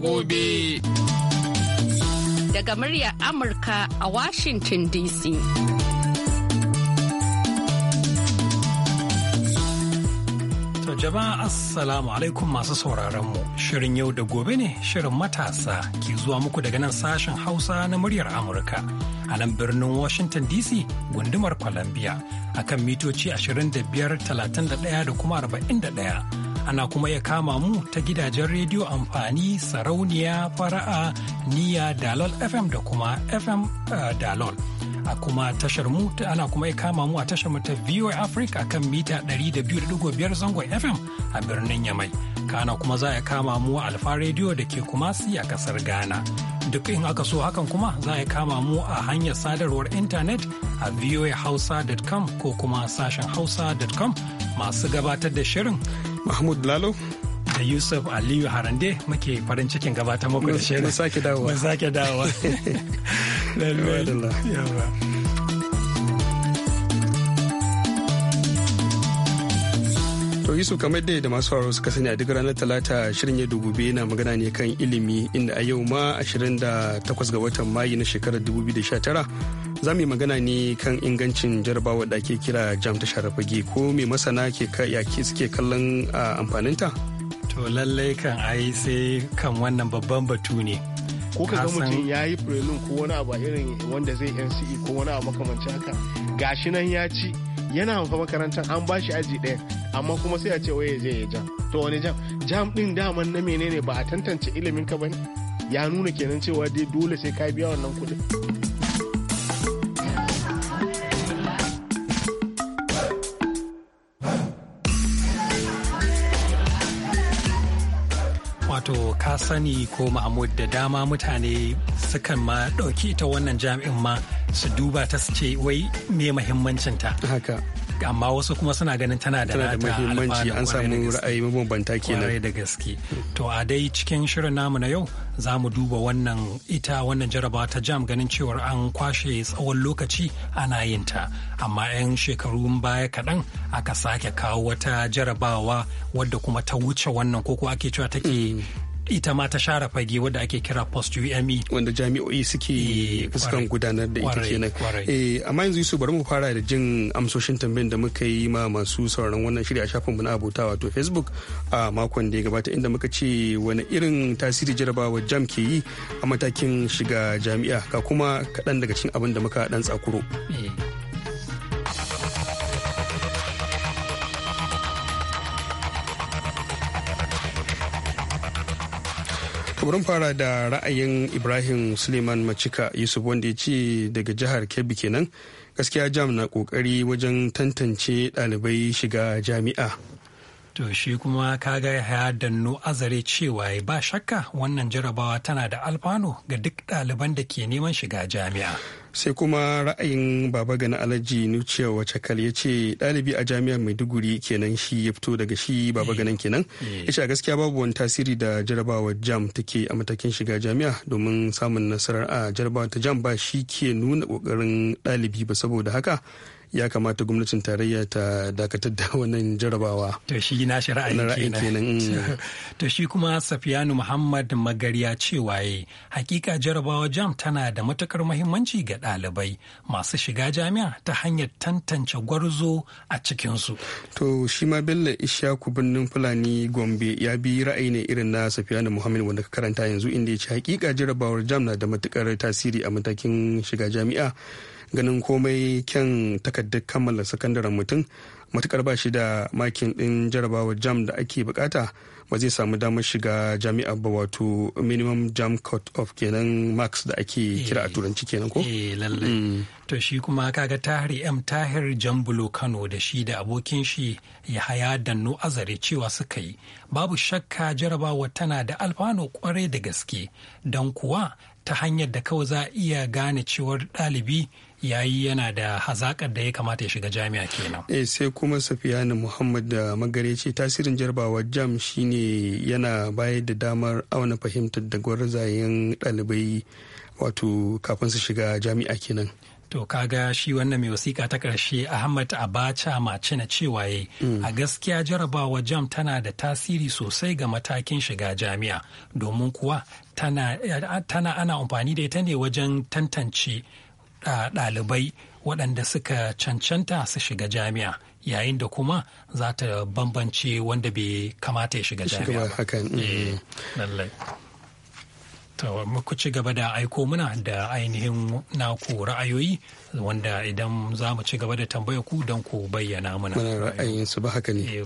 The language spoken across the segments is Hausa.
gobe. Daga muryar Amurka a Washington DC. To jama'a assalamu alaikum masu sauraron mu. Shirin yau da gobe ne shirin matasa ke zuwa muku daga nan sashen Hausa na muryar Amurka. A nan birnin Washington DC gundumar Columbia akan mitoci 25, 31 da kuma 41. ana kuma ya kama mu ta gidajen rediyo amfani sarauniya fara'a niya dalol fm da kuma fm eh, dalol a kuma tashar mu ana kuma ya kama mu a tashar mu ta VOA Africa kan mita 200.5 zangon FM a birnin Yamai. Kana kuma za a kama mu a Alfa rediyo da ke kuma si a kasar Ghana. Duk in aka so hakan kuma za a kama mu a hanyar sadarwar intanet a voahausa.com ko kuma sashen hausa.com masu gabatar da shirin mahmud lalo da yusuf aliyu harande muke farin cikin gabatar muku da shirin mun sake dawowa mun sake dawowa To Yusuf kamar dai da masu haro suka sani a duk ranar Talata shirin ya biyu yana magana ne kan ilimi inda a yau ma 28 ga watan Mayu na shekarar 2019 za mu yi magana ne kan ingancin jarabawa da ake kira jam ta sharafage ko mai masana ke yaki suke kallon amfaninta? To lallai kan ai sai kan wannan babban batu ne. ko ka ga mutum ya yi prelim ko wani abu irin wanda zai nce ko wani abu makamancin haka gashi nan ya ci yana fa makarantar an ba shi aji ɗaya amma kuma sai a ce waye zai ya jam to wani jam jam ɗin daman na menene ba a tantance ilimin ka bane ya nuna kenan cewa dai dole sai ka biya wannan kuɗi. wato ka sani ko ma'amud da dama mutane sukan ma ɗauki ita wannan jami'in ma su duba ta su ce wai me muhimmancin ta haka amma wasu kuma suna ganin tana da mahimmanci an samu ra'ayi mabambanta kenan da gaske to a dai cikin shirin namu na yau za mu duba wannan ita wannan jarabawa ta jam ganin cewar an kwashe tsawon lokaci ana yin ta amma 'yan shekarun baya kaɗan aka sake kawo wata jarabawa wadda kuma ta wuce wannan ko ake cewa take mm. ita ma ta share fage wadda ake kira post ume wanda jami'o'i suke eh, fuskan gudanar da ita kenan eh, amma yanzu su bari mu fara da jin amsoshin tambayin da muka yi ma masu sauraron wannan shirya a shafin mu na abota wato facebook a makon da ya gabata inda muka ce wani irin tasiri jarabawa jam ke yi a matakin shiga jami'a ga kuma kaɗan daga cikin abin da muka dan tsakuro. Eh. bari fara da ra'ayin ibrahim suleiman macika yusuf wanda ya ce daga jihar kebbi kenan gaskiya jam na kokari wajen tantance ɗalibai shiga jami'a To shi kuma kaga ya danno azare cewa ya ba shakka wannan jarabawa tana da alfano ga duk ɗaliban da ke neman shiga jami'a. Sai kuma ra'ayin baba gani alhaji Nuciya wace kal ya ce ɗalibi a jami'ar Maiduguri kenan shi ya fito daga shi baba ganan kenan. Eh. Ya ce gaskiya babu wani tasiri da jarabawar jam take a matakin shiga jami'a domin samun nasarar a jarabawar ta jam ba shi ke nuna ƙoƙarin ɗalibi ba saboda haka ya kamata gwamnatin tarayya ta dakatar da wannan jarabawa to shi na shi ra'ayin kenan mm. to shi kuma safiyanu muhammad magariya cewa ye hakika jarabawa jam tana da matukar muhimmanci ga ɗalibai masu shiga jami'a ta hanyar tantance gwarzo a cikinsu to shi ma bello ishaku birnin fulani gombe ya bi ra'ayi ne irin na safiyanu muhammad wanda ka karanta yanzu inda ya ce hakika jarabawar jam na da matukar tasiri a matakin shiga jami'a ganin komai kyan takardar kammala sakandaren mutum matukar ba shi da makin ɗin jarabawa jam da ake bukata ba zai samu damar shiga jami'a ba wato minimum jam cut of kenan max da ake kira a eh, turanci kenan ko? Eh, mm. to shi kuma kaga tahir m tahir jambulo kano da shi da abokin shi ya haya danno azare cewa suka yi babu shakka jarabawa tana da alfano kwarai da gaske don kuwa ta hanyar da kawai za a iya gane cewar ɗalibi ya yi yana da hazakar da ya kamata ya shiga jami'a kenan eh sai kuma safiyanu muhammad da magare ce tasirin jarabawar jam shine yana bayar da damar auna fahimtar da gwarzayen ɗalibai wato kafin su shiga jami'a kenan To kaga shi wannan mai wasiƙa ta ƙarshe Ahmad Abacha mace na cewa yayi mm. a gaskiya jarabawa jam tana da tasiri sosai ga matakin shiga jami'a domin kuwa tana, ana amfani da ita ne wajen tantance ɗalibai waɗanda suka cancanta su shiga jami'a yayin da kuma za ta bambance wanda bai kamata ya shiga jami'a ba. Mm. Eh, muku ci gaba da aiko muna da ainihin naku ra'ayoyi wanda idan za mu ci gaba da tambaya ku don ku bayyana muna. ra'ayoyinsu ba haka ne. Eh,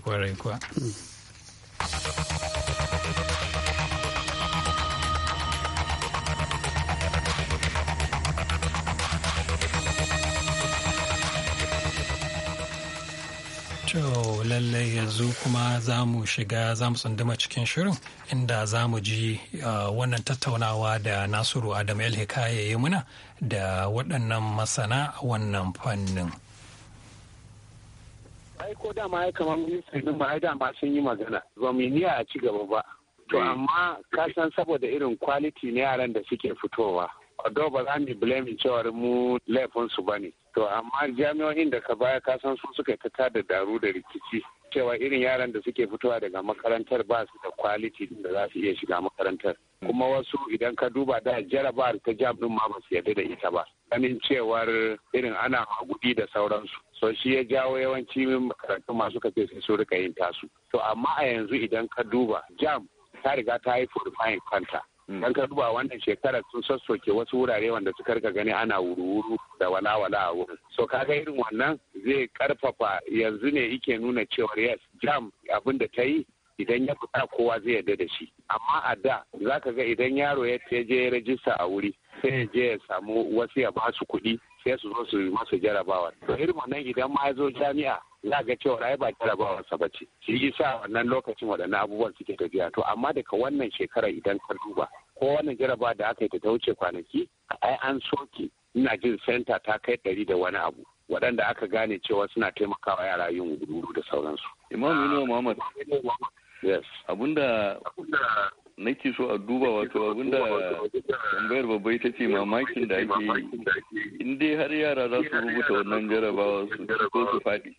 lallai yanzu kuma za mu shiga za mu tsunduma cikin shirin inda za mu ji ah, wannan tattaunawa da Nasiru Adamu El Hikaya ya muna da waɗannan masana wannan fannin. ai ko dama ya kamar ministan ma ai dama sun yi magana ba mu niyya a ci gaba ba to eh. amma ka san saboda irin kwaliti na yaran da suke fitowa although ba za mu blame cewar mu laifinsu su bane to amma jami'o'in da ka baya ka san su suka ta da daru da rikici cewa irin yaran da suke fitowa daga makarantar ba su da kwaliti da za su iya shiga makarantar kuma wasu idan ka duba da jarabar ta jam din ma ba su yarda da ita ba ganin cewar irin ana magudi da sauransu so shi ya jawo yawanci makarantun masu kace sai su rika yin tasu to amma a yanzu idan ka duba jam ta riga ta haifu da kanta dan mm. ka duba wannan shekarar sun sassoke wasu wurare wanda suka rika gani ana wuru-wuru da wala-wala a wurin so ka ga irin wannan zai karfafa yanzu ne yake nuna cewar yes jam abin da ta yi idan ya fita kowa zai yarda da shi amma a da za ka ga idan yaro ya je ya rajista a wuri sai ya je ya samu wasu ya ba su kuɗi sai su zo su masu jarabawa to irin wannan idan ma ya zo jami'a za ga cewa rayu ba wasa ba ce shi yasa wannan lokacin waɗannan abubuwan suke tafiya to amma daga wannan shekara idan ka duba ko wannan jaraba da aka yi ta wuce kwanaki ai an soke ina jin senta ta kai ɗari da wani abu waɗanda aka gane cewa suna taimakawa yara yin gudu da sauransu. Imam Inuwa Muhammad. Yes. Abunda nake so a duba wato abinda tambayar babba ita ce mamakin da ake yi in dai har yara za su rubuta wannan jarabawa su ko su faɗi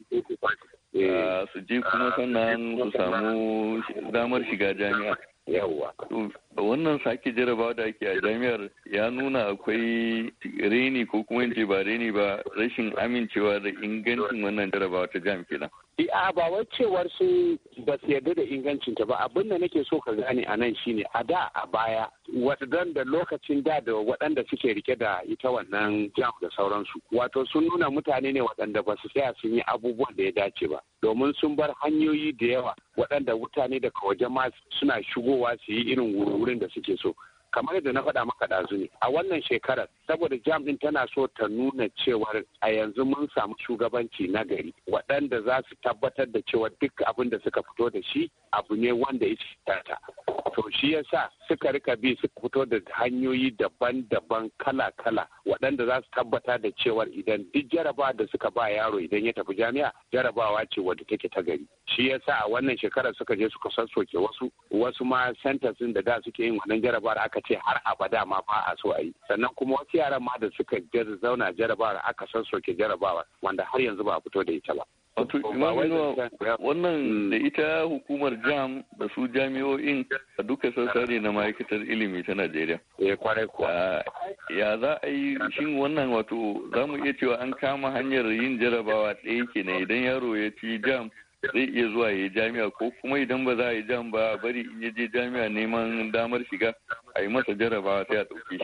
ah, eh. su je kuma ah, sannan su samu damar shiga jami'a yawwa mm. wannan sake jarabawa da ake a jami'ar ya nuna akwai reni ko kuma ce ba reni ba rashin amincewa da ingancin wannan jarabawa ta jam kenan eh, a ba wai cewar su ba su yarda da ingancin ta ba abin da nake so ka gane a nan shine a da a baya da lokacin da da waɗanda suke rike da ita wannan jam da sauransu wato sun nuna mutane ne waɗanda ba su tsaya sun yi abubuwan da ya dace ba domin sun bar hanyoyi da yawa waɗanda mutane daga waje ma suna shigowa su yi irin wurin da suke so kamar yadda na faɗa maka ɗazu ne a wannan shekarar saboda jam din tana so ta nuna cewar a yanzu mun samu shugabanci na gari waɗanda za su tabbatar da cewa duk abin da suka fito da shi abu ne wanda ya tata to shi yasa suka rika bi suka fito da hanyoyi daban-daban kala-kala waɗanda za su tabbata da cewar idan duk jaraba da suka ba yaro idan ya tafi jami'a jarabawa ce wadda take ta gari shi yasa a wannan shekarar suka je suka sassoke wasu wasu ma sentences da da suke yin wannan jarabar aka ce har abada ma ba a so a yi sannan kuma wasu yaran ma da suka zauna jarabawa aka san soke jarabawa wanda har yanzu ba a fito da ita ba wato wannan hmm. da ita hukumar jam da su jami'o'in a duka sassare na ma'aikatar ilimi ta najeriya eh, ah, ya za a yi shin wannan wato za mu iya cewa an kama hanyar yin jarabawa ɗaya kenan idan yaro ya ci jam zai iya zuwa ya yi jami'a ko kuma idan ba za a yi jam ba bari in ya je jami'a neman damar shiga a yi masa jarrabawa sai a ɗauke shi.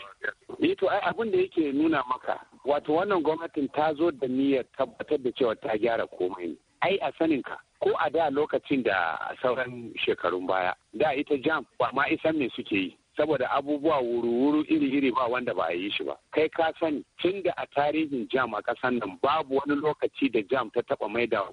Eh to ai abin da yake nuna maka wato wannan gwamnatin ta zo da niyyar tabbatar da cewa ta gyara komai ne. Ai a sanin ka ko a da lokacin da sauran shekarun baya da ita jam ba ma isan me suke yi saboda abubuwa wuri-wuri iri-iri ba wanda ba a yi shi ba kai ka sani tun da a tarihin jam a kasan nan babu wani lokaci da jam ta taɓa maida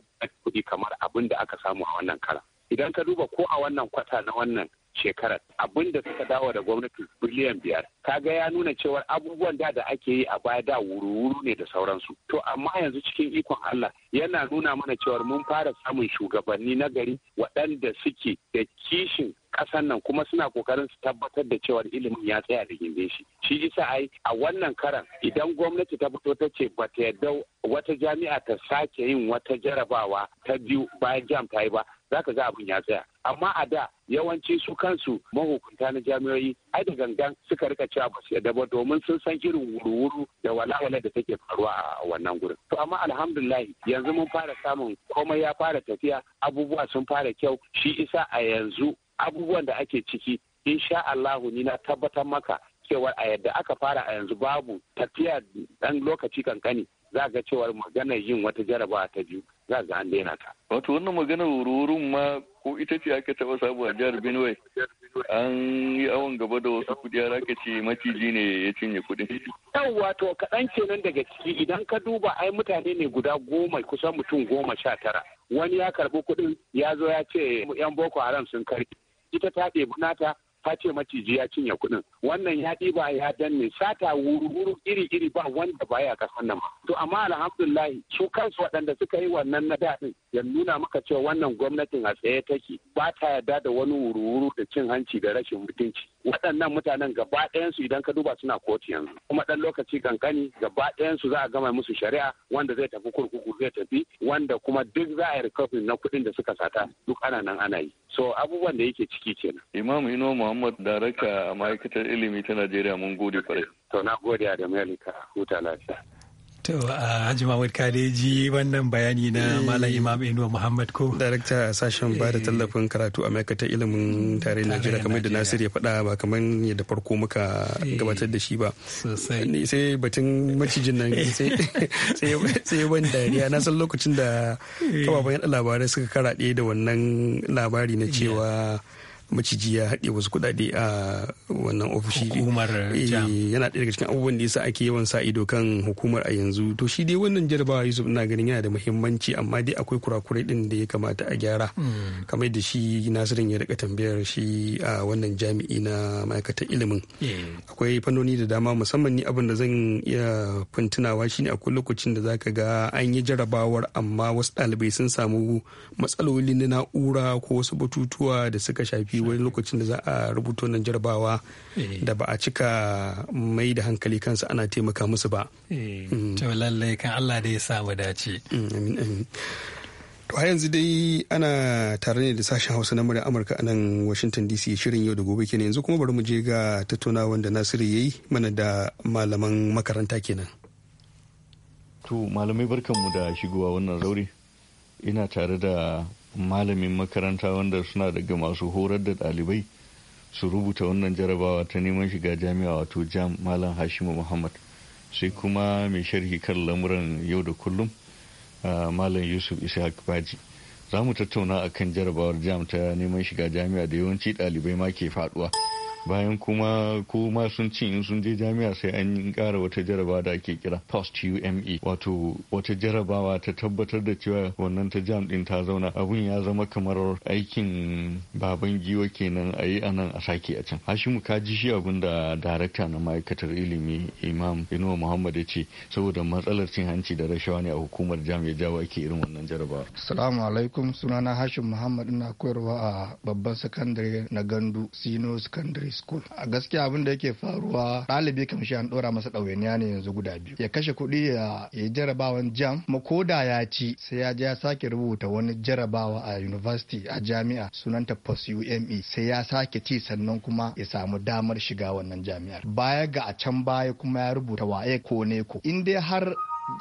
kuɗi kamar abin da aka samu a wannan kara idan ka duba ko a wannan kwata na wannan shekarar abin da suka dawo da gwamnati biliyan biyar kaga ya nuna cewar abubuwan da da ake yi a baya da wuru-wuru ne da sauransu to amma yanzu cikin ikon Allah yana nuna mana cewar mun fara samun shugabanni na gari waɗanda suke da kishin kasan nan kuma suna kokarin su tabbatar da cewar ilimin ya tsaya da gindin shi shi isa ai a wannan karan idan gwamnati ta fito ta ce ba ta yadda wata jami'a ta sake yin wata jarabawa ta biyu bayan jam ta yi ba za ka ga abin ya tsaya amma a da yawanci su kansu mahukunta na jami'o'i ai da gangan suka rika cewa ba su yadda ba domin sun san irin wuru-wuru da walawala da take faruwa a wannan gurin to amma alhamdulillah yanzu mun fara samun komai ya fara tafiya abubuwa sun fara kyau shi isa a yanzu abubuwan da ake ciki insha Allahu ni na tabbatar maka cewar a yadda aka fara a yanzu babu tafiya dan lokaci kankani za ga cewar maganar yin wata jarabawa ta biyu za ga an daina ta. Wato wannan maganar wurin ma ko ita ce aka taɓa sabu a jihar Benue an yi awon gaba da wasu kudi har aka ce maciji ne ya cinye kudin. Yau wato kaɗan kenan daga ciki idan ka duba ai mutane ne guda goma kusan mutum goma sha tara. Wani ya karɓi kuɗin ya zo ya ce 'yan Boko Haram sun karɓi. Ita ta ɗebi nata ka ce maciji ya cinye kuɗin wannan ya ɗiba ya danne sata wuru iri iri ba wanda baya ƙasar nan to amma alhamdulillahi su kansu waɗanda suka yi wannan na daɗin ya nuna maka cewa wannan gwamnatin a tsaye take ba ta yarda da wani wuru da cin hanci da rashin mutunci waɗannan mutanen gaba ɗayansu idan ka duba suna kotu yanzu kuma ɗan lokaci kankani gaba ɗayansu za a gama musu shari'a wanda zai tafi kurkuku zai tafi wanda kuma duk za a yi na kuɗin da suka sata duk ana nan ana yi. so abubuwan da yake ciki kenan imam ino muhammad Daraka, a ma'aikatar ilimi ta najeriya mun gode kwarai to na gode da malika huta lafiya To a Haji Mahmud wannan bayani na eh. Malam Imam Inuwa Muhammad ko. Darakta a sashen ba da eh. tallafin karatu a ma'aikatar ilimin tare Najeriya kamar da Nasir ya faɗa ba kamar yadda farko muka eh. gabatar da shi ba. Sosai. Sai batun macijin nan sai ban dariya na san lokacin da kababan yada labarai suka karaɗe da wannan labari na cewa. maciji ya haɗe wasu kuɗaɗe a wannan ofishi hukumar eh, eh, yana ɗaya daga cikin abubuwan da yasa ake yawan sa ido kan hukumar a yanzu to shi dai wannan jarabawa yusuf ina ganin yana da muhimmanci amma dai akwai kurakurai ɗin da ya kamata a gyara hmm. kamar da shi nasirin ya rika tambayar shi a wannan jami'i na ma'aikatar ilimin eh. akwai fannoni da dama musamman ni abin da zan iya shi shine akwai lokacin da zaka ga an yi jarabawar amma wasu ɗalibai sun samu matsaloli na na'ura ko wasu batutuwa da suka shafi akwai wani lokacin da za a rubuta wannan jarabawa eh. da ba a cika mai da hankali kansa ana taimaka musu ba. Eh. Mm. To lallai kan Allah da ya sa mu dace. Mm, to yanzu dai ana tare ne da sashen Hausa na murya Amurka a nan Washington DC shirin yau da gobe kenan yanzu kuma bari mu je ga tattaunawa da Nasiru yayi mana da malaman makaranta kenan. To malamai barkanmu da shigowa wannan rauri. Ina tare da malamin makaranta wanda suna daga masu horar da ɗalibai su rubuta wannan jarabawa ta neman shiga jami'a wato jam malam hashimu muhammad sai kuma mai sharhi kan lamuran yau da kullum malam yusuf ishaq baji za mu tattauna akan jarabawar jam ta neman shiga jami'a da yawanci ɗalibai ma ke faɗuwa. bayan kuma ko sun ci in sun je jami'a sai an kara wata jarabawa da ake kira post ume wato wata jarabawa ta tabbatar da cewa wannan ta jam din ta zauna abun ya zama kamar aikin baban giwa kenan a yi anan a sake a can hashimu ka ji shi abun da darakta na ma'aikatar ilimi imam inuwa muhammad ya ce saboda matsalar cin hanci da rashawa ne a hukumar jam ya jawo ake irin wannan jarabawa assalamu alaikum sunana hashim muhammad ina koyarwa a babban sakandare na gandu sino sakandare school a gaskiya abin da yake faruwa ɗalibi shi an ɗora masa ɗawainiya ne yanzu guda biyu ya kashe kuɗi ya yi jarabawan jam kuma ko ya ci sai ya je ya sake rubuta wani jarabawa a university a jami'a sunanta post ume sai ya sake ci sannan kuma ya samu damar shiga wannan jami'ar baya ga a can baya kuma ya rubuta waye ko ne ko in dai har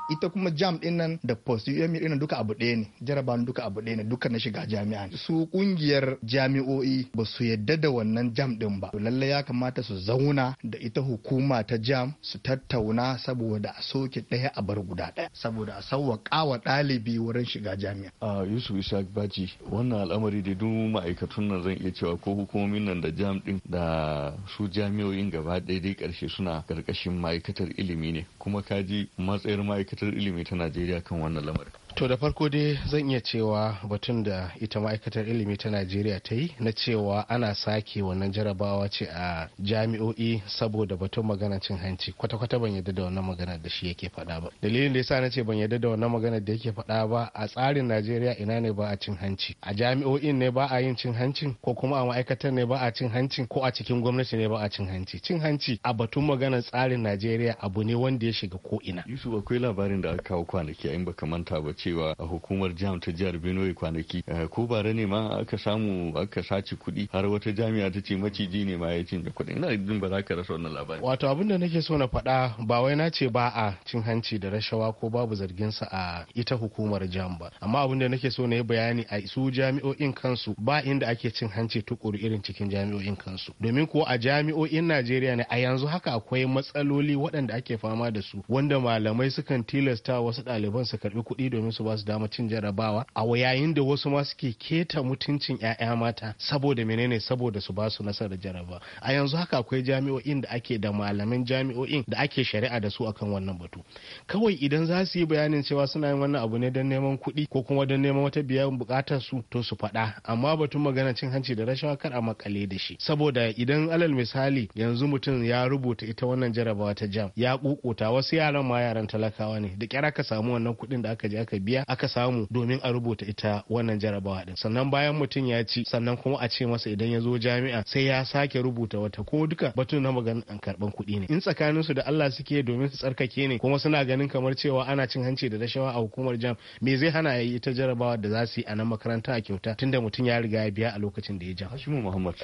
ita kuma jam din nan da post um din nan duka abu ɗaya ne jarabawan duka abu ɗaya ne duka na shiga jami'a su kungiyar jami'o'i ba su yadda da wannan jam din ba lallai ya kamata su zauna da ita hukuma ta jam su tattauna saboda a soke ɗaya a bar guda ɗaya saboda a sauwaƙa wa ɗalibi wurin shiga jami'a a Yusuf Isa Baji wannan al'amari da duk ma'aikatun nan zan iya cewa ko hukumomin nan da jam din da su jami'o'in gaba ɗaya dai ƙarshe suna ƙarƙashin ma'aikatar ilimi ne kuma kaji matsayar ma'aikatar ilimi ta najeriya kan wannan lamarin To da farko dai zan iya cewa batun da ita ma'aikatar ilimi ta Najeriya ta yi na cewa ana sake wannan jarabawa ce a jami'o'i saboda batun magana cin hanci kwata-kwata ban yadda da wannan magana da shi yake faɗa ba. Dalilin da yasa na ce ban yadda da wannan magana da yake faɗa ba a tsarin Najeriya ina ne ba a cin hanci. A jami'o'in ne ba a yin cin hancin ko kuma a ma'aikatar ne ba a cin hancin ko a cikin gwamnati ne ba a cin hanci. Cin hanci a batun maganar tsarin Najeriya abu ne wanda ya shiga ko ina. Yusuf akwai labarin da aka kawo kwanaki a in baka manta ba cewa hukumar jam ta jihar benue kwanaki eh, ko bara ne ma aka samu aka sace kuɗi har wata jami'a ta ce maciji ne ma ya da kuɗi ina jin ba za ka rasa wannan labari wato abin da nake so na faɗa ba wai na ce ba a cin hanci da rashawa ko babu zargin sa a ita hukumar jam ba amma abin da nake so na yi bayani a su jami'o'in kansu ba inda ake cin hanci tukuru irin cikin jami'o'in kansu domin ko a jami'o'in Najeriya ne a yanzu haka akwai matsaloli waɗanda ake fama da su wanda malamai sukan tilasta wasu ɗaliban su karɓi kuɗi domin su ba su dama cin jarabawa a yayin da wasu ma suke keta mutuncin 'ya'ya mata saboda menene saboda su ba su nasarar jaraba a yanzu haka akwai jami'o'in da ake da malaman jami'o'in da ake shari'a da su akan wannan batu kawai idan za su yi bayanin cewa suna yin wannan abu ne don neman kuɗi ko kuma don neman wata biyan bukatar su to su faɗa amma batun magana cin hanci da rashawa kar a makale da shi saboda idan alal misali yanzu mutum ya rubuta ita wannan jarabawa ta jam ya kukuta wasu yaran ma yaran talakawa ne da kyara aka samu wannan kuɗin da aka je aka biya aka samu domin a rubuta ita wannan jarabawa din sannan bayan mutum ya ci sannan kuma a ce masa idan ya zo jami'a sai ya sake rubuta wata ko duka batun na an karban kuɗi ne in tsakanin su da Allah suke domin su tsarkake ne kuma suna ganin kamar cewa ana cin hanci da rashawa a hukumar jam me zai hana yayi ita jarabawa da za su yi a nan makaranta a kyauta tunda mutum ya riga ya biya a lokacin da ya jam Hashimu Muhammad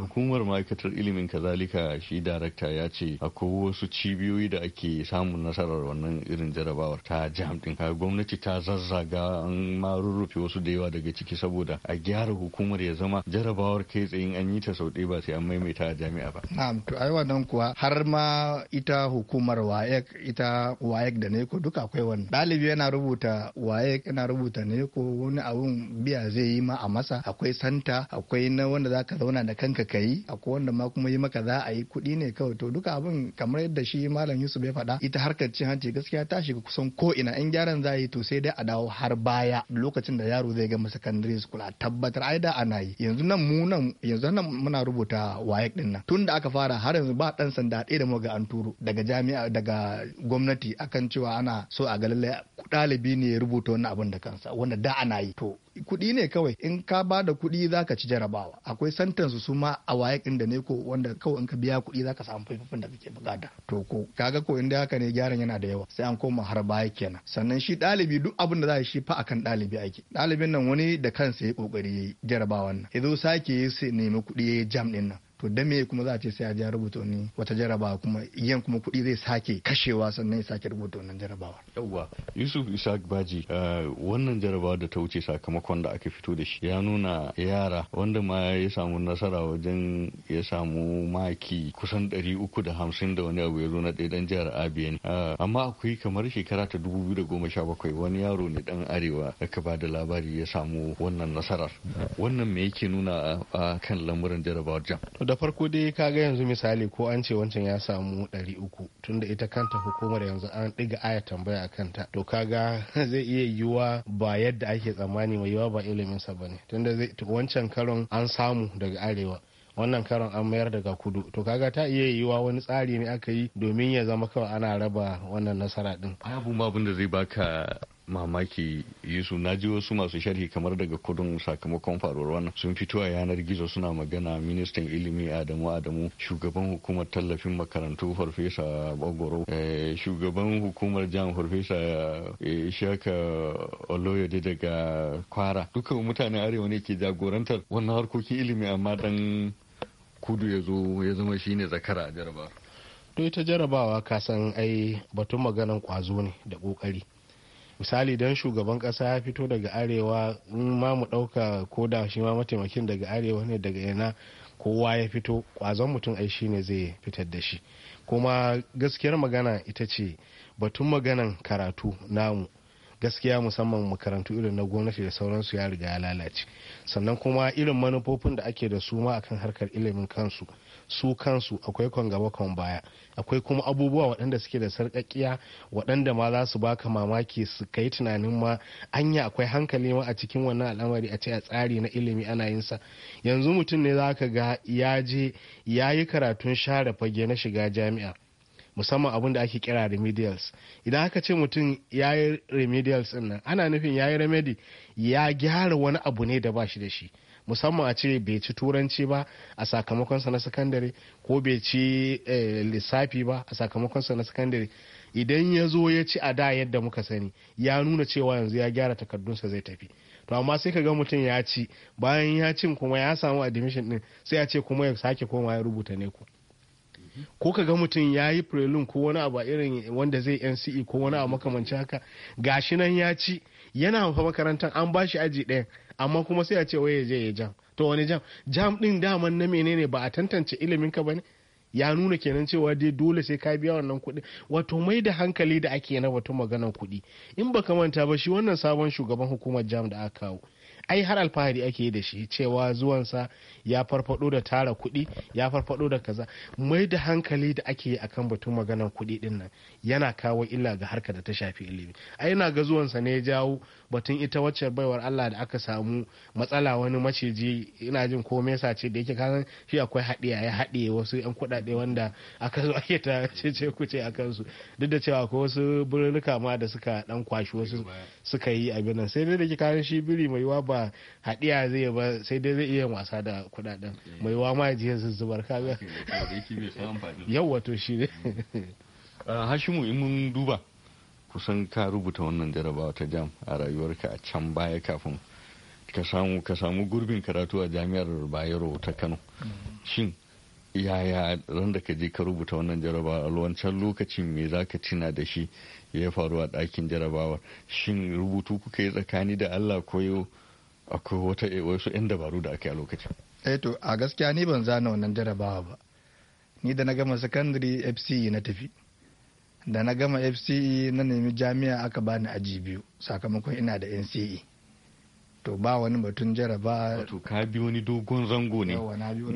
hukumar ma'aikatar ilimin kazalika shi darakta ya ce akwai wasu cibiyoyi da ake samun nasarar wannan irin jarabawar ta jam din gwamnati ta zazzaga an ma rurrufe wasu da yawa daga ciki saboda a gyara hukumar ya zama jarabawar kai tsayin an yi ta sau ɗaya ba sai an maimaita a jami'a ba. Na'am to ai wannan kuwa har ma ita hukumar WAEC ita WAEC da NECO duka akwai wani. dalibi yana rubuta WAEC yana rubuta NECO wani abun biya zai yi ma a masa akwai santa akwai na wanda zaka zauna da kanka ka yi akwai wanda ma kuma yi maka za a yi kuɗi ne kawai to duka abun kamar yadda shi malam Yusuf ya faɗa ita harkar cin hanci gaskiya ta shiga kusan ko ina in gyaran za a yi to sai dai a dawo har baya lokacin da yaro zai gama secondary school a tabbatar ai da ana yi yanzu nan mu nan yanzu nan muna rubuta waye din nan tun da aka fara har yanzu ba dan sanda ɗaya da muga an turo daga jami'a daga gwamnati akan cewa ana so a ga lallai ɗalibi ne ya rubuta wannan abin da kansa wanda da ana yi to kuɗi ne kawai in ka ba da kuɗi za ka ci jarabawa akwai santansu su ma a waye ɗin da ne ko wanda kawai in ka biya kuɗi za ka samu faifafin da kake bukata to ko kaga ko inda haka ne gyaran yana da yawa sai an koma har baya kenan sannan shi ɗalibi duk abin da za shi fa akan ɗalibi ake ɗalibin nan wani da kansa ya kokari ya jarabawan nan ya sake ya nemi kuɗi ya jam ɗin nan to da me kuma za a ce sai a ja rubuta wani wata jarabawa kuma yan kuma kuɗi zai sake kashewa sannan ya sake rubuta wannan jarabawa yawwa yusuf isaac baji eh, wannan jarabawa da ta wuce sakamakon da aka fito da shi ya nuna yara wanda ma ya samu nasara wajen ya samu maki kusan ɗari uku da hamsin da wani abu ya zo na ɗaya dan jihar abia eh, amma akwai kamar shekara ta dubu biyu da goma sha bakwai wani yaro ne dan arewa aka ba da labari ya samu wannan nasarar wannan me yake nuna eh, a kan lamuran jarabawar jam da farko dai kaga yanzu misali ko an ce wancan ya samu 300 tunda ita kanta hukumar yanzu an ɗiga aya tambaya a kanta to kaga zai iya yiwuwa ba yadda ake tsammani mai yiwuwa ba iliminsa ba ne tunda wancan karon an samu daga arewa wannan karon an mayar daga kudu to kaga ta iya yiwa wani tsari ne aka yi domin ya zama kawai ana raba wannan nasara din babu abin da zai baka mamaki Yesu na ji wasu masu sharhi kamar daga kudin sakamakon faruwar wannan sun fito a yanar gizo suna magana ministan ilimi Adamu Adamu shugaban hukumar tallafin makarantu Farfesa Bagoro eh, shugaban hukumar jihar Farfesa eh, shaka Oloyede daga Kwara duka mutane arewa ne ke jagorantar wannan harkokin ilimi amma dan kudu ya zo ya zama shine zakara a jarabawa. To ita jarabawa ka san ai batun maganan kwazo ne da kokari. misali don shugaban kasa ya fito daga arewa in ma mu ɗauka ko da shi ma mataimakin daga arewa ne daga ina kowa ya fito kwazon mutum ai shi ne zai fitar da shi kuma gaskiyar magana ita ce batun maganan karatu namu gaskiya musamman makarantu irin na gwamnati da sauransu ya riga ya lalace sannan kuma irin manufofin da ake da su ma akan harkar ilimin kansu su kansu akwai kwan gaba baya akwai kuma abubuwa waɗanda suke da sarƙaƙiya waɗanda ma za su baka mamaki su kai tunanin ma anya akwai hankali ma a cikin wannan al'amari a ce a tsari na ilimi ana yin sa yanzu mutum ne za ka ga ya je ya yi karatun share fage na shiga jami'a musamman abin da ake kira remedials idan aka ce mutum ya yi remedials nan ana nufin ya yi remedy ya gyara wani abu ne da ba shi da shi musamman a ce bai ci turanci ba a sakamakonsa na sakandare ko bai ci eh, lissafi ba a sakamakonsa na sakandare idan ya zo ya ci a da yadda muka sani ya nuna cewa yanzu ya gyara takardunsa zai tafi to amma sai ka ga mutum ya ci bayan ya cin kuma ya samu admission din sai ya ce kuma ya sake koma ya rubuta ne ku ko ka ga mutum ya yi prelim ko wani abu irin wanda zai nce ko wani abu makamanci haka gashi nan ya ci yana makarantar an bashi aji ɗaya amma kuma sai a ce waye je ya jam to wani jam jam din daman na menene ba a tantance ilimin ka bane ya nuna kenan cewa dai dole sai ka biya wannan kuɗi wato mai da hankali da ake na batun maganar kuɗi in baka manta ba shi wannan sabon shugaban hukumar jam da aka kawo ai har alfahari ake da shi cewa zuwansa ya farfado da tara kuɗi ya farfado da kaza mai da hankali da ake yi akan batun maganar kuɗi din nan yana kawo illa ga harka da ta shafi ilimi ai yana ga zuwansa ne ya jawo batun ita wacce baiwar Allah da aka samu matsala wani maciji ina jin ko mesa ce da yake kasan shi akwai haɗiya ya haɗiye wasu yan kuɗaɗe wanda aka zo ake ta cece kuce a kansu duk da cewa akwai wasu birnuka ma da suka dan kwashi wasu suka yi abin nan sai dai da ke kayan shi biri mai yiwa ba ba haɗiya zai ba sai dai zai iya yin wasa da kuɗaɗen mai wa ma je zubar kaga yau wato shi ne ah, hashimu in mun duba kusan ka rubuta wannan jarabawa ta jam a rayuwarka a can baya kafin ka samu gurbin karatu a jami'ar bayero ta kano mm. shin yaya ran da ka je ka rubuta wannan jarabawa a wancan lokacin me za ka tuna da shi ya faru a ɗakin jarabawar shin rubutu kuka yi tsakani da allah koyo akwai wata eh, wasu 'yan dabaru da ake a lokacin. eh to a gaskiya ni ban zana wannan jarabawa ba ni da na gama secondary fce na tafi da na gama fce na nemi jami'a aka bani aji biyu sakamakon ina da nce to ba wani batun jaraba wato ka bi wani dogon zango ne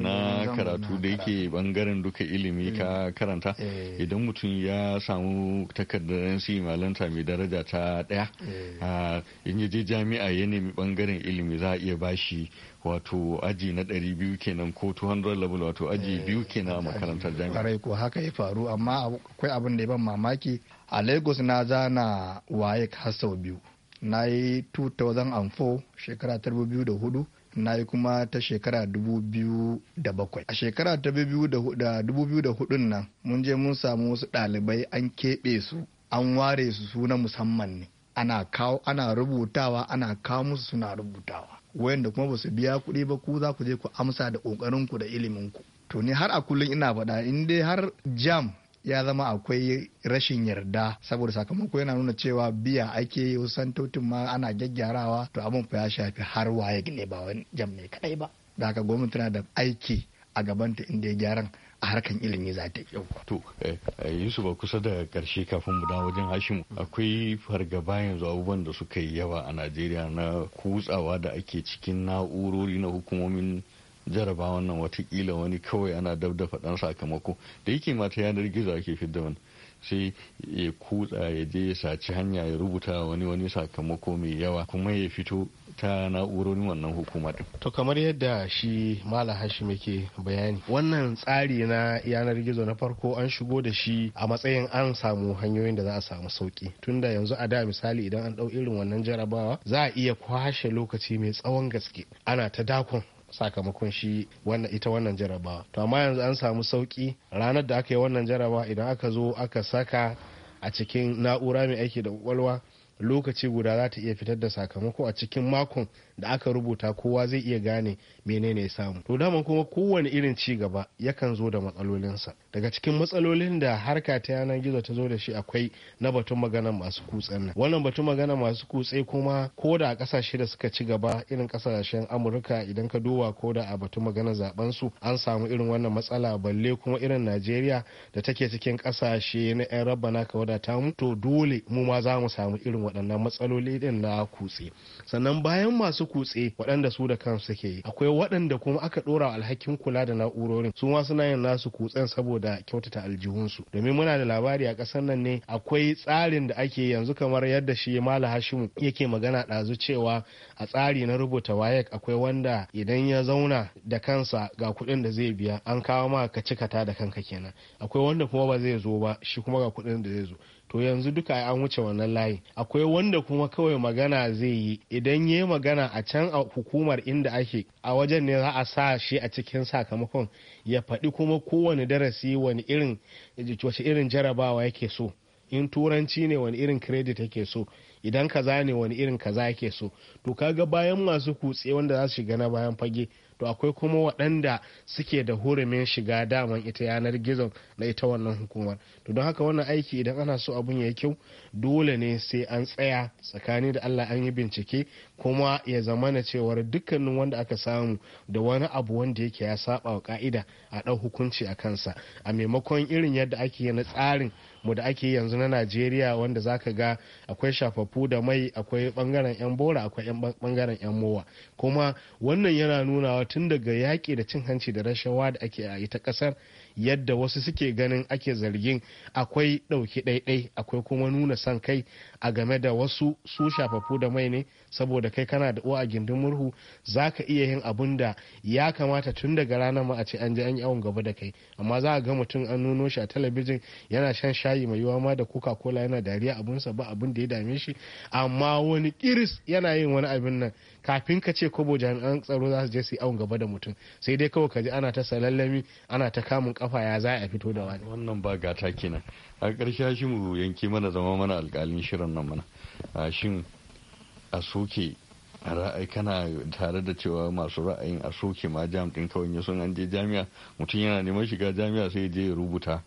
na karatu da yake bangaren duka ilimi ka eh. karanta eh. idan mutum ya samu takardar nc malanta mai daraja ta daya eh. ah, in je jami'a ya nemi bangaren ilimi za a iya bashi wato aji na 200 kenan ko 200 level wato aji biyu kenan a makarantar jami'a kwarai ko haka ya faru amma akwai abin da ya ban mamaki a lagos na zana waye har sau biyu na yi four shekara ta biyu da hudu na yi kuma ta shekara dubu biyu da bakwai. a shekara ta hudun nan mun je mun samu wasu ɗalibai an keɓe su an ware su suna musamman ne ana kawo ana rubutawa ana kawo musu suna rubutawa wayanda kuma ba su biya kuɗi ba ku za ku je ku amsa da ƙoƙarin ku da iliminku to ni har a kullum ina faɗa in dai har jam ya zama akwai rashin yarda saboda sakamako yana nuna cewa biya ake yi wasan ma ana gyaggyarawa to abin fa ya shafi har waye ne ba wani jam ne kadai ba da haka gwamnati tana da aiki a gabanta inda ya gyaran a harkan ilimi za ta yau. To, eh, eh, Yusuf a kusa da karshe kafin mu dawo wajen Hashimu akwai fargaba yanzu abubuwan da suka yi yawa a Najeriya na kutsawa da ake cikin na'urori na hukumomin jarabawan nan watakila wani kawai ana dab da faɗan sakamako da yake mata yanar gizo ake fidda wani sai ya kutsa ya je ya saci hanya ya rubuta wani wani sakamako mai yawa kuma ya fito ta na'urorin wannan hukuma din. To kamar yadda shi Malam Hashim yake bayani wannan tsari na yanar gizo na farko an shigo da shi a matsayin an samu hanyoyin da za a samu sauki tunda yanzu a da misali idan an ɗau irin wannan jarabawa za a iya kwashe lokaci mai tsawon gaske ana ta dakon sakamakon shi ita wannan jarabawa to amma yanzu an samu sauki ranar da aka yi wannan jarabawa idan aka zo aka saka a cikin na'ura mai aiki da kwakwalwa lokaci guda za ta iya fitar da sakamako a cikin makon da aka rubuta kowa zai iya gane menene ya samu to dama kuma kowane irin ci gaba yakan zo da matsalolinsa daga cikin matsalolin da harka ta yanar gizo ta zo da shi akwai na batun magana masu kutsen nan wannan batun magana masu kutse kuma ko da a kasashe da suka ci gaba irin kasashen amurka idan ka duba ko da a batun magana zaben su an samu irin wannan matsala balle kuma irin najeriya da take cikin kasashe na yan rabba na ka wadata mu to dole mu ma za mu samu irin waɗannan matsaloli din na kutse sannan bayan masu kutse waɗanda su da kansu suke yi akwai waɗanda kuma aka ɗora alhakin kula da na'urorin su ma suna yin nasu kutsen saboda saboda kyautata aljihunsu domin muna da labari a ƙasar nan ne akwai tsarin da ake yanzu kamar yadda shi mala hashimu yake magana ɗazu cewa a tsari na rubuta wayek akwai wanda idan ya zauna da kansa ga kuɗin da zai biya an kawo ma ka cikata da kanka kenan akwai wanda kuma ba zai zo ba shi kuma ga kuɗin da zai zo to yanzu duka an wuce wannan layi akwai wanda kuma kawai magana zai yi idan ya yi magana a can a hukumar inda ake a wajen ne za a sa shi a cikin sakamakon ya faɗi kuma kowane darasi wani irin wace irin jarabawa yake so in turanci ne wani irin kredit yake so idan kaza ne wani irin kaza yake so to kaga bayan masu kutse wanda za su shiga na bayan fage to akwai kuma waɗanda suke da hurumin shiga daman ita yanar gizo na ita wannan hukumar to don haka wannan aiki idan ana so abun ya yi kyau dole ne sai an tsaya tsakani da allah an yi bincike kuma ya zama na cewar dukkanin wanda aka samu da wani abu wanda yake ya saba wa ka'ida a ɗan hukunci a kansa a maimakon irin yadda ake na tsarin mu da ake yanzu na najeriya wanda zaka ga akwai shafafu da mai akwai bangaren yan bora akwai bangaren yan mowa kuma wannan yana nunawa tun daga yaƙi da cin hanci da rashawa da ake a ita ƙasar yadda wasu suke ganin ake zargin akwai ɗauki ɗaiɗai akwai kuma nuna son kai a game da wasu su shafafu da mai ne saboda kai kana da uwa a gindin murhu za ka iya yin abun da ya kamata tun daga ranar ma a ce an je an yi awon gaba da kai amma za a ga mutum an nuno shi a talabijin yana shan shayi mai yiwa ma da kuka kola yana dariya sa ba abun da ya dame shi amma wani kiris yana yin wani abin nan kafin ka ce kobo jami'an tsaro za su je su yi awon gaba da mutum sai dai kawai ka ji ana ta salallami ana ta kamun kafa ya za a fito da wani wannan ba gata kenan a ƙarshe shi mu yanke mana zama mana alƙalin shirin nan mana ah, shin a soke ra'ayi kana tare da cewa masu ra'ayin a soke ma jam din kawai sun an je jami'a mutum yana neman shiga jami'a sai je ya rubuta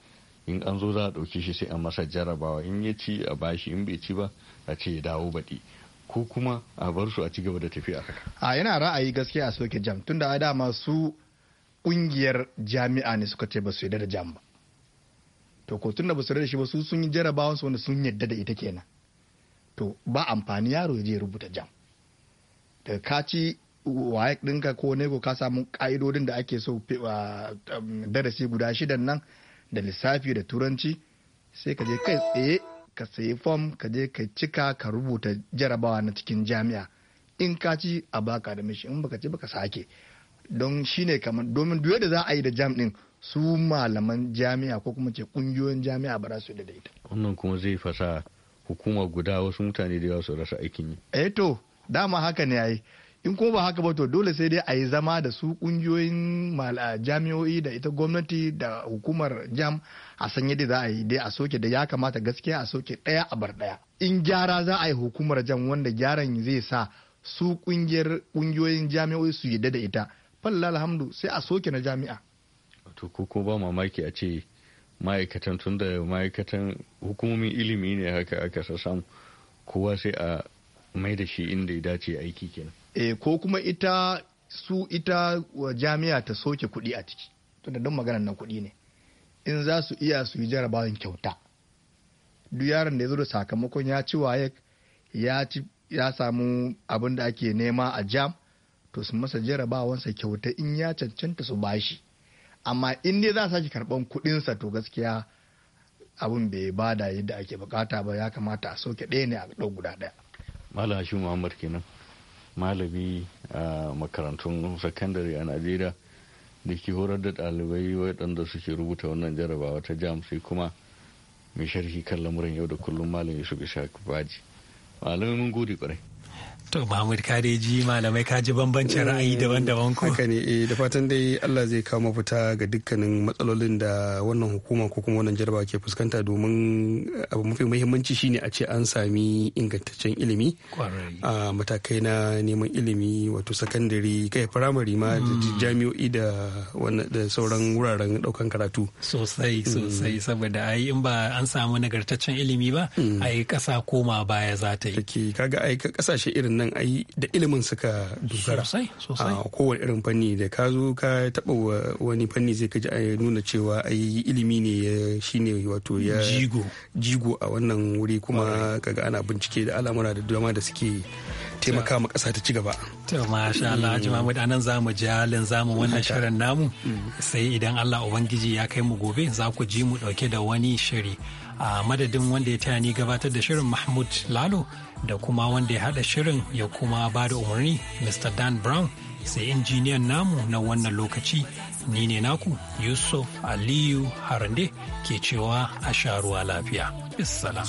in an zo za a shi sai a masa jarabawa in ya ci a bashi in bai ci ba a ce ya dawo baɗi ko kuma a bar su a ci gaba da tafiya haka a yana ra'ayi gaskiya a soke jam tunda a dama masu kungiyar jami'a ne suka ce ba su yadda da jam ba to ko tun da ba su yadda da shi ba su sun yi jarabawa wanda sun yadda da ita kenan to ba amfani yaro ya je rubuta jam da ka ci waye dinka ko nego ka samu ƙa'idodin da ake so ah, um, darasi guda shidan nan da lissafi da turanci sai ka je kai tsaye ka sayi fom ka je ka cika ka rubuta jarabawa na cikin jami'a in ka ci a baka da mishi in baka ci baka sake don shine kamar domin duk da za a yi da jam din su malaman jami'a ko kuma ce kungiyoyin jami'a ba za su da wannan kuma zai fasa hukuma guda wasu mutane da yawa su rasa aikin yi. Eh to dama haka ne yayi in kuma ba haka ba to dole sai dai a yi zama da su kungiyoyin jami'o'i da ita gwamnati da hukumar jam a san yadda za a yi dai a soke da ya kamata gaskiya a soke ɗaya a bar ɗaya in gyara za a yi hukumar jam wanda gyaran zai sa su kungiyoyin jami'o'i su yadda da ita Fallal alhamdu sai a soke na jami'a to ko ba mamaki a ce ma'aikatan tun da ma'aikatan hukumomin ilimi ne haka aka sasan kowa sai a mai da shi inda ya dace aiki kenan. Eh, ko kuma ita su ita wa jami'a ta soke kuɗi a ciki tunda don maganar na kuɗi ne in za su iya su yi jarabawan kyauta duk yaron da ya zo da sakamakon ya ci waye ya ci ya samu abin da ake nema a jam to su masa jarabawansa kyauta in ya cancanta su bashi amma in dai za a sake karban kuɗinsa to gaskiya abin bai da yadda ake bukata ba ya kamata a soke ɗaya ne a ɗau guda ɗaya. Malam Hashim Muhammad kenan malami a makarantun sakandare a Najeriya da ke horar da ɗalibai waɗanda suke rubuta wannan jarabawa ta jam sai kuma mai sharhi kan lamuran yau da kullum malam Yusuf Ishaq Baji. Malamai mun gode kwarai. To Muhammad ka dai ji malamai ka ji bambancin ra'ayi eh, daban-daban ko. Haka ne eh, da fatan dai Allah zai kawo mafita ga dukkanin matsalolin da wannan hukuma ko kuma wannan jarabawa ke fuskanta domin eh, abu mafi muhimmanci shine a ce an sami ingantaccen ilimi. A matakai na neman ilimi wato sakandare kai firamare ma hmm. jami'o'i da sauran wuraren daukan karatu. Sosai hmm. sosai saboda ai in ba an samu nagartaccen ilimi ba hmm. ai kasa koma baya za ta yi. Kaga ai kasashe irin nan ai da ilimin suka dogara a kowane irin fanni da ka zo ka taba wani fanni zai kaji a nuna cewa ai ilimi ne ya shine wato ya jigo a wannan wuri kuma kaga ana bincike da al'amura da dama da suke taimaka ma kasa ta ci gaba. To masha Allah mm. anan za mu jalin zamu wannan shirin namu mm. sai idan Allah Ubangiji ya kai mu gobe za ku ji mu dauke da wani shiri. a madadin wanda ya taya ni gabatar da shirin mahmud lalo da kuma wanda ya haɗa shirin ya kuma ba da umarni mr dan brown sai injiniyan namu na wannan lokaci ni ne naku yusuf aliyu harande ke cewa a sha ruwa lafiya bisalam